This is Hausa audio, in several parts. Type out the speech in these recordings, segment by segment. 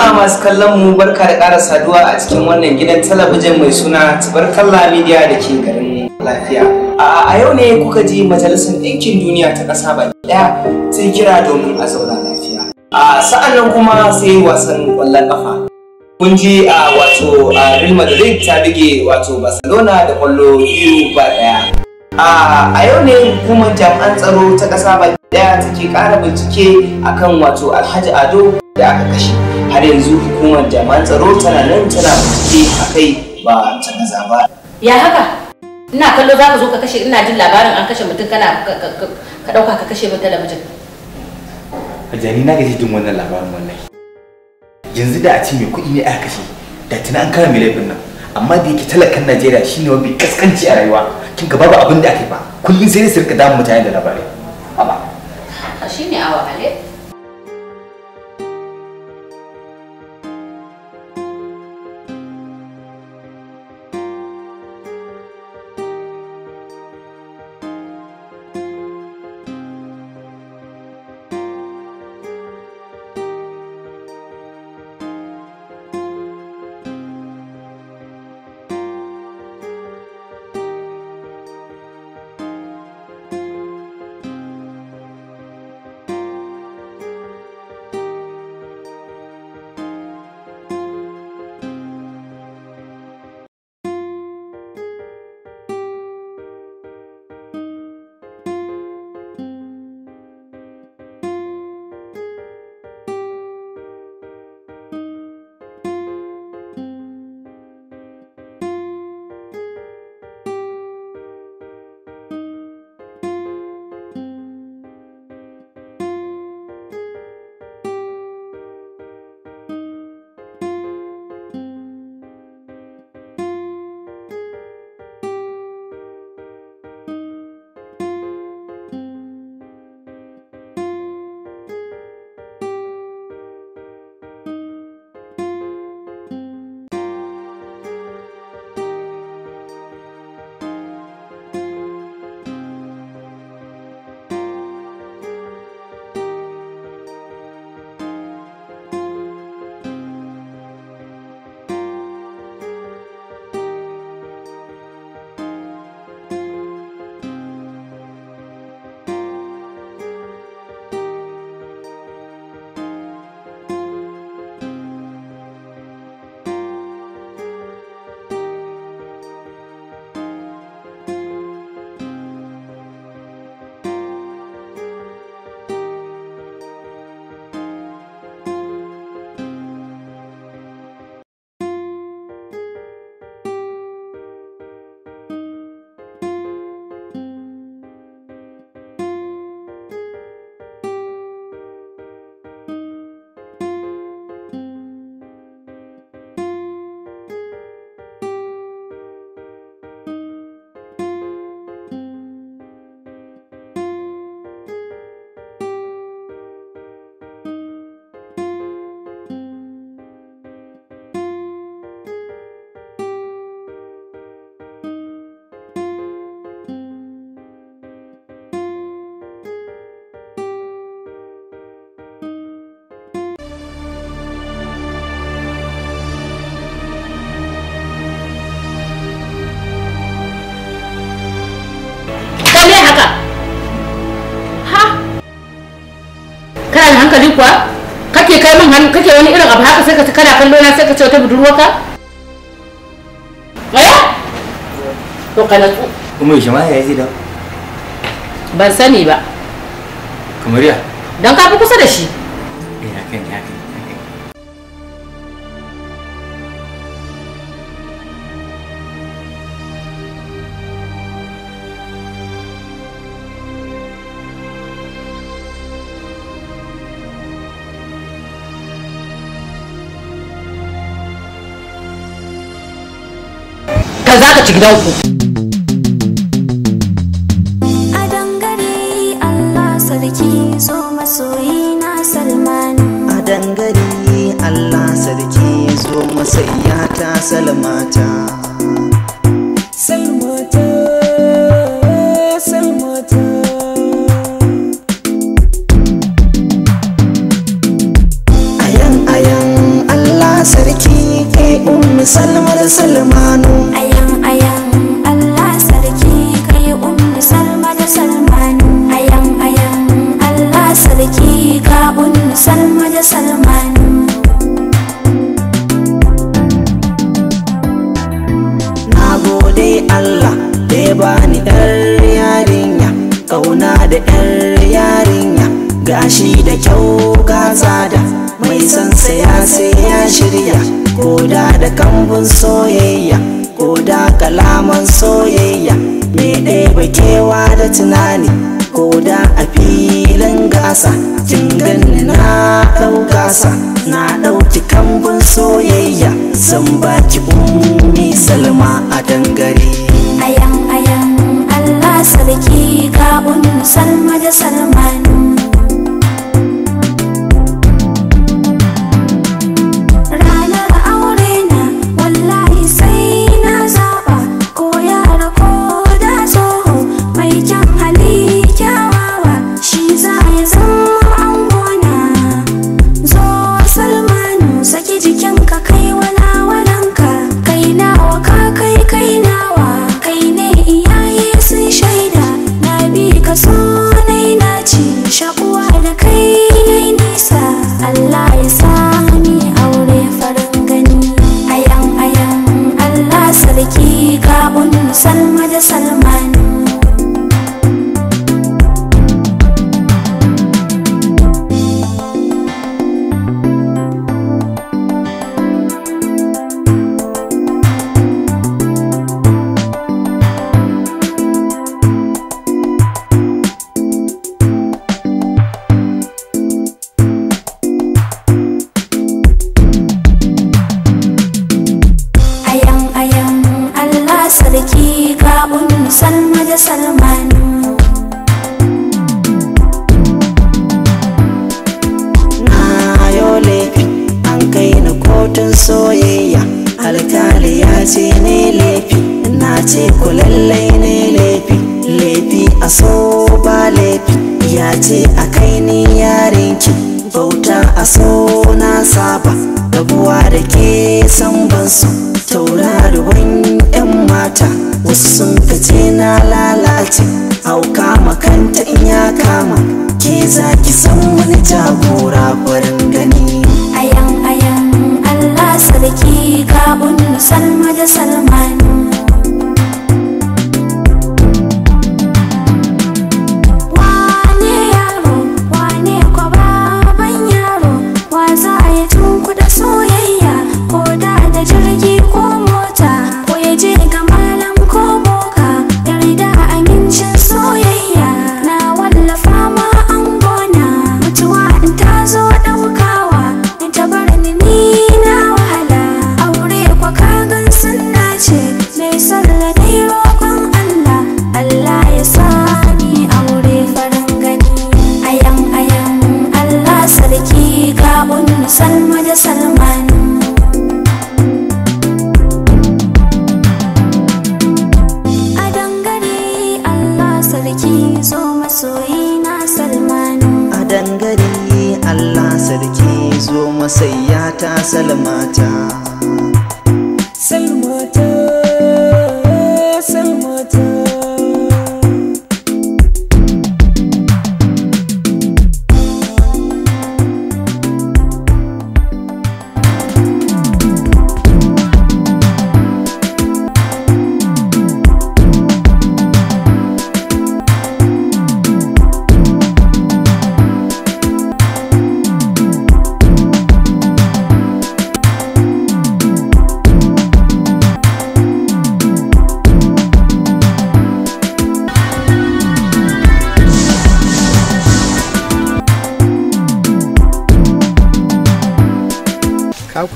jama'a masu kallon mu barka da ƙara saduwa a cikin wannan gidan talabijin mai suna tabarkalla media da ke garin lafiya a yau ne kuka ji majalisar ɗinkin duniya ta ƙasa baki ɗaya sai kira domin a zauna lafiya a sa'an nan kuma sai wasan ƙwallon ƙafa kun ji a wato real madrid ta bige wato barcelona da ƙwallo biyu ba ɗaya a yau ne hukumar jami'an tsaro ta ƙasa baki ɗaya take ƙara bincike akan wato alhaji ado da aka kashe har yanzu hukumar jama'an tsaro tana nan tana bincike a kai ba ta gaza ba ya haka ina kallo za ka zo ka kashe ina jin labarin an kashe mutum kana ka ɗauka ka kashe mutum da mutum Hajjani na gaji jin wannan labarin wallahi yanzu da a ce mai kuɗi ne aka kashe da tuna an kara mai laifin nan amma da yake talakan Najeriya shine wani kaskanci a rayuwa kin ga babu abin da ake ba kullum sai ne su rika damun mutane da labarai shi shine awa ale hankali kuwa kake kai min hannu kake wani irin abu haka sai ka kana kallo na sai ka ce wata budurwarka eh to kana natsu kuma shi ma yayi da ban sani ba kamar ya dan ka fi kusa da shi eh ya hakan gidanku a dangare Allah sarki zo masoyi na Salman a dangare Allah sarki zo masayyata Salmata salmar salmanu ɗauki kambun soyayya zan baki ummi salma a dangare ayan ayan Allah sarki ka ummi salma da salmanu ce ku lallai ne laifi laifi a so ba laifi ya ce a kai ni yarinki bauta a so na saba rabuwa da ke san ban so tauraruwan yan mata wasu sun fice na lalace auka makanta in ya kama ke za ki san wani jagora barin gani ayan ayan Allah sarki ka salma da salmani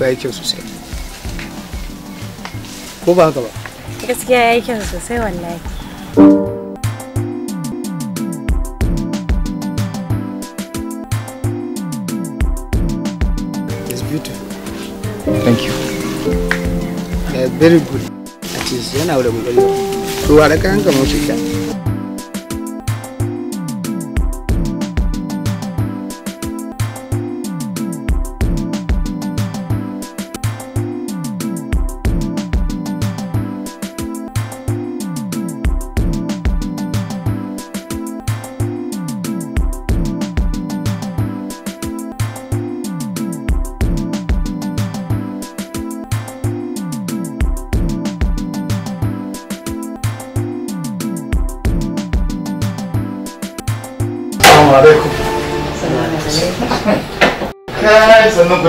ku yayi kyau sosai ko ba haka ba gaskiya yayi kyau sosai wallahi it's beautiful thank you yeah, very good at least yana da kokari to wa da kayan kamar shi sannan ku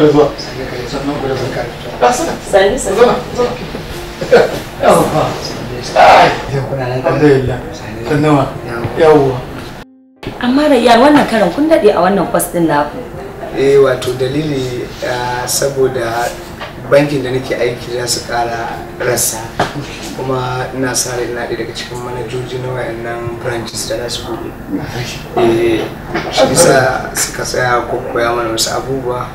amma da ya wannan kun a wannan kwas din naku eh wato dalili ah, saboda bankin da nake aiki za su kara rasa kuma ina sa rai daga cikin manajoji na wayannan branches da za su buɗe eh shi suka tsaya ko koya mana wasu abubuwa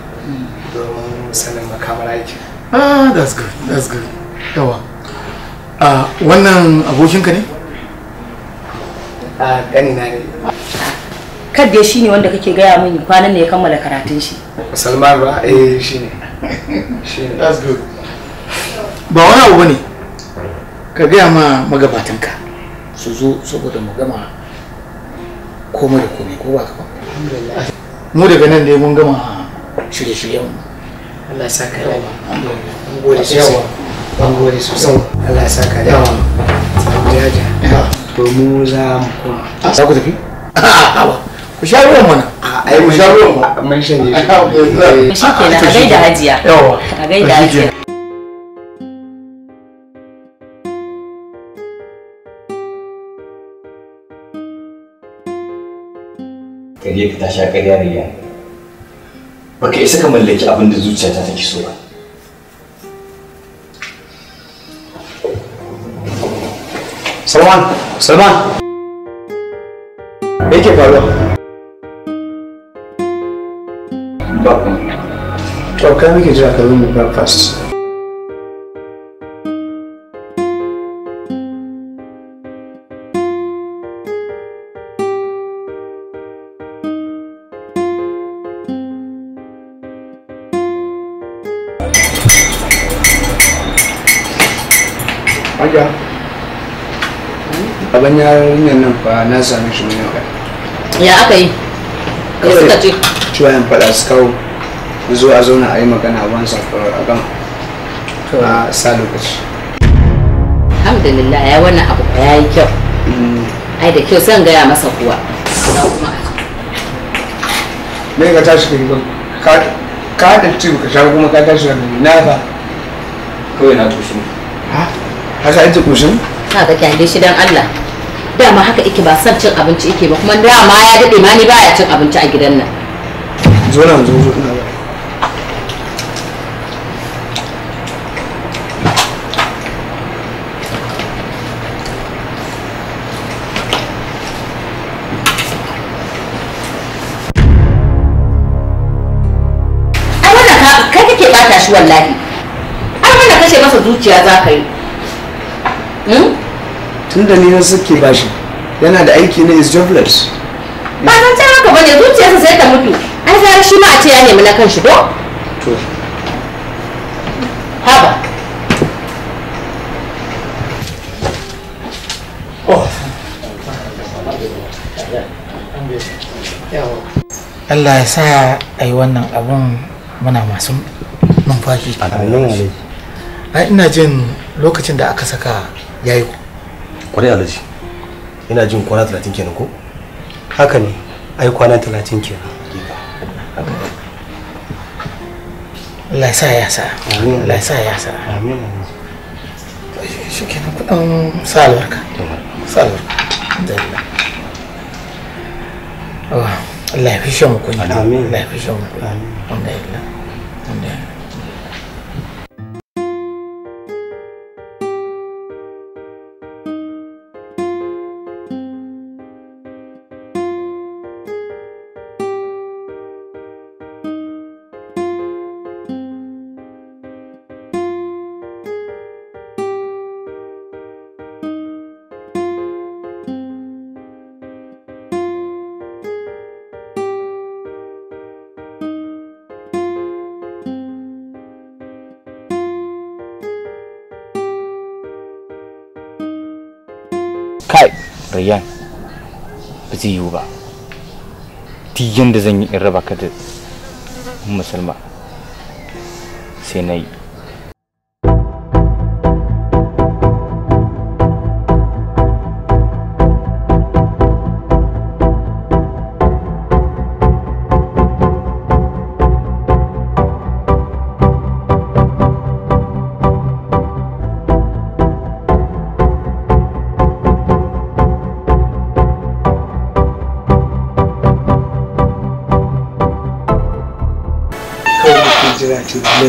domin sanin makamar aiki ah that's good that's good yawa ah wannan abokinka ne ah gani na ne kadde shi ne wanda kake gaya mini kwanan ne ya kammala karatun shi salman ba eh shi ne shi ne that's good ba wani abu bane ka gaya ma magabatanka su zo saboda mu gama komai da komai ko ba ka ba mu daga nan dai mun gama shirye-shiryenmu Allah ya saka da an gode sosai an gode sosai Allah ya saka da jaja to mu za mu koma ah, za ku tafi a'a ku sha ruwan mana a ah, yi mu sha ruwan mun shan ne shi eh, kenan ah, a gaida hajiya yawa a da hajiya ka je ka tashi a ƙarya riya baka isa ka mallaki abin da zuciyata take so ba Salman, Salman. Me yake faruwa? Ba kuma. To, muke jira ka zo mu breakfast. baban yarinyar nan fa na same shi wani magana ya aka yi ka suka ce cewa yan faɗa su kawo zo a zauna a yi magana once after a gama a sa lokaci alhamdulillah ya wannan abu ya yi kyau mm. ai da kyau zan gaya masa kuwa me ka tashi ka ba? ka haɗa ci ka sha kuma ka tashi ka riba na fa kawai na tushe ha haka ita kushin ka ga kyande shi dan Allah dama haka ike ba son cin abinci ike ba kuma dama ya daɗe ma ni baya cin abinci a gidan nan zo nan zo zo ina wallahi an mana kashe masa zuciya za ka yi hmm? tun da ni na suke bashi yana da aiki na is jobless ba zan ta haka bane zuciyarsa sai ta mutu ai zara shi ma a ce ya nemi na kanshi do to haba Allah ya sa a yi wannan abun muna masu numfashi. Ai ina jin lokacin da aka saka ya yayi kwarai alaji ina jin kwana talatin kenan ko haka ne ai kwana talatin kenan Allah ya sa ya sa Allah ya sa ya sa amin shi kenan kudan sa albarka sa albarka oh, Allah ya fi shan mu kunya Allah ya fi shan mu kunya alhamdulillah alhamdulillah rayyan ba zai yiwu ba duk yanda zan yi in raba ka da musulma sai na yi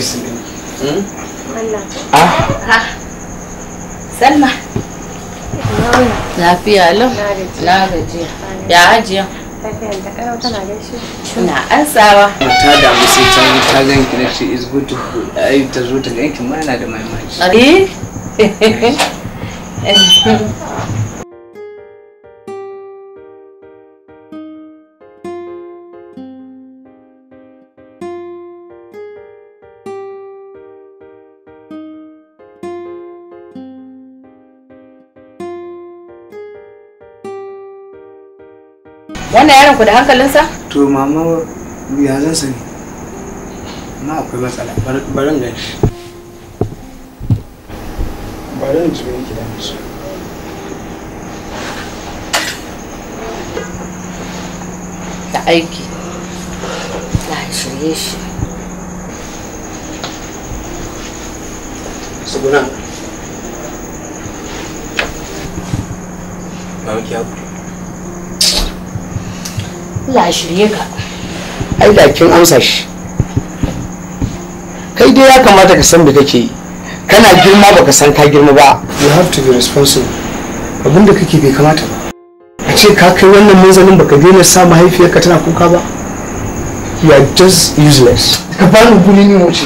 voice din hmm? ah salma lafiya lau na gajiya ya ajiya na ansawa ta damu sai ta ta gan ki is good to ta zo ta gan ki ma yana da eh wannan yaron ku da hankalinsa to mama ya zan sani na akwai matsala barin gan shi barin ji mai gida musu da aiki na shirye shi suguna ba ki abu Allah ya shirye ka ai da kin amsa shi kai dai ya kamata ka san me kake yi kana girma baka san ka girma ba you have to be responsible abinda kake bai kamata ba a ce ka kai wannan manzalin baka daina sa mahaifiyarka tana kuka ba you are just useless ka bani guri ne ce.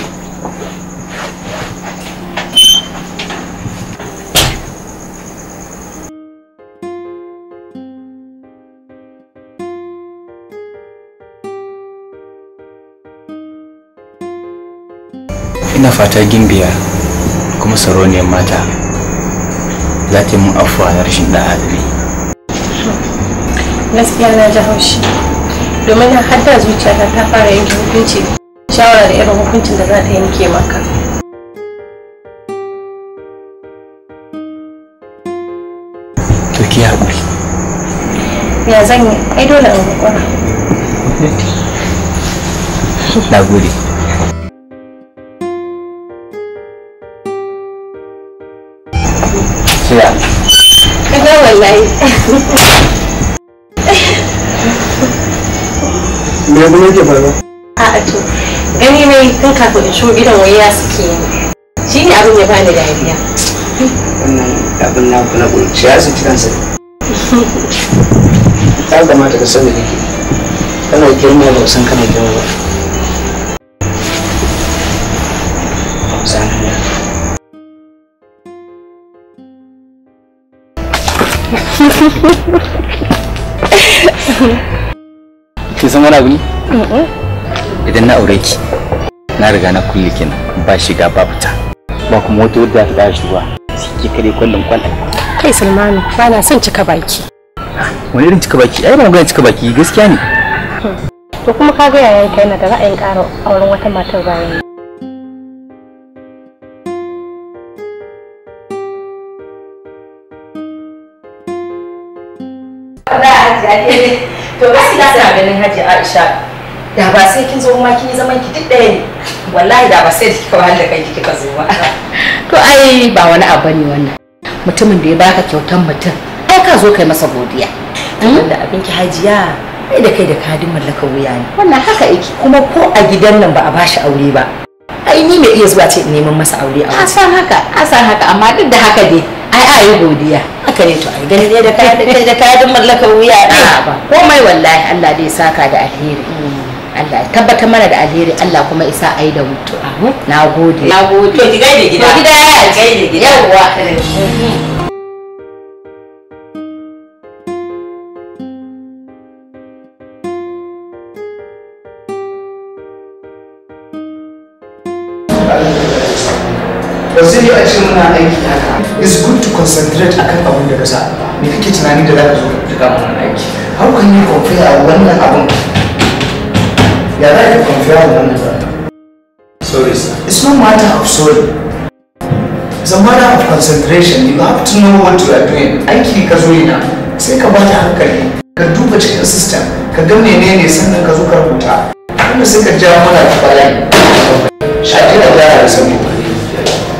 ina fata gimbiya kuma sarauniyar mata za ta yi mun afuwa na rashin da adali gaskiya na ji haushi domin na da zuciyata ta fara yanke hukunci shawara da irin hukuncin da za ta yanke maka to haƙuri ya zan yi ai dole in haƙura na gode lafiya kaga wallahi me yanzu nake faruwa a'a to gani na yi tun kafin in shigo gidan waya shi abin ya bani dariya wannan abin na kuna gurci ya su cikin ya kamata ka sani girma san girma ba ki san wani abu ne idan na aure ki na riga na kulle kenan ba shiga ba fita ba kuma wata wadda ta dashi ba ki kare kullum kwanta kai sulmanu ba na son cika baki wani irin cika baki ai ba magana cika baki gaskiya ne hmm. to kuma ka ga yayan kai na da ra'ayin ƙara auren wata matar bayan Eh, to gaskiya ina ganin Hajji Aisha da ba sai kin zo ma kin zaman ki duk ɗaya ne wallahi da ba sai da kika wahala kai kika zo ba to ai ba wani abu ne wannan mutumin da ya baka kyautan mutum ai ka zo kai masa godiya hmm? Wanda abin ki hajiya ai da kai da kadin mallakar wuya ne wannan haka yake kuma ko a gidan nan ba a bashi aure ba ai ni me iya zuwa ce neman masa aure a wasu. san haka a san haka amma duk da haka dai ai a yi godiya haka ne to ai gani ne da kai da kai da mallaka wuya da ba komai wallahi Allah dai saka da alheri Allah ya tabbata mana da alheri Allah kuma isa ai da mutu nagode nagode to ki gaide gida to gida ya gaida gida yawa eh. wasu ne a ce muna aiki haka it's good to concentrate akan abin da ka sa me kake tunani da za ka zo ka kama wannan aiki how can you compare wannan abin ya za ka compare wannan sorry sir it's no matter of sorry it's a matter of concentration you have to know what you are doing aiki ka zo yana sai ka bata hankali ka duba cikin system ka ga menene sannan ka zo ka rubuta wanda sai ka ja mana ta bala'i shaƙi da gara da sauri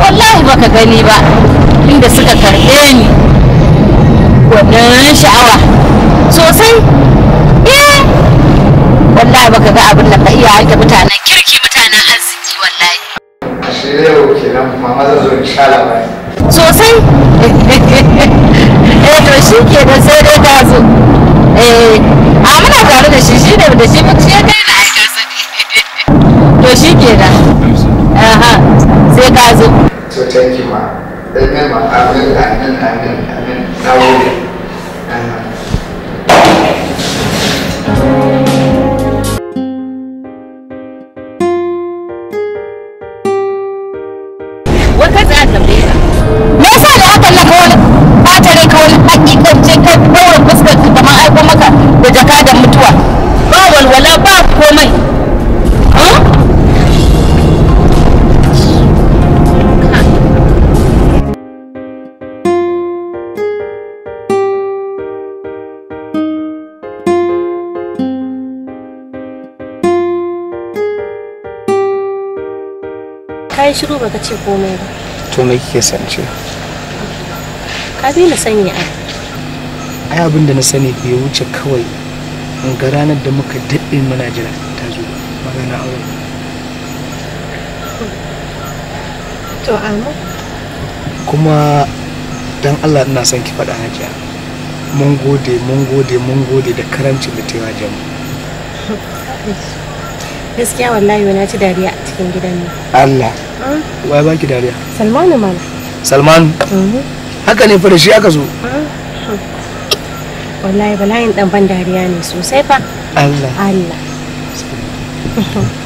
wallahi baka gani ba inda suka karɓe ni wannan sha'awa sosai eh wallahi baka ga abin da ka iya haka mutanen kirki mutanen arziki wallahi sosai eh to shi ke da sai dai ta zo eh amma na tare da shi shi da shi ya kai na aikar to shi ke da sai ka zo So thank you ma Amen. amin amin amin na gode shiru baka ce komai ba to me kike san ce ka bi na sani ai ai abin da na sani bai wuce kawai in ga ranar da muka daɗe muna jira ta zo magana aure to amma kuma dan Allah ina son ki faɗa hajiya mun gode mun gode mun gode da karamcin da ta yi wajen mu gaskiya wallahi wani ci dariya a cikin gidan ne Allah hmm? wai ba ki dariya Salmanu mana Salmanu mhm. haka ne fa da shi aka zo hmm? wallahi bala'in dan ban dariya ne sosai fa Allah Allah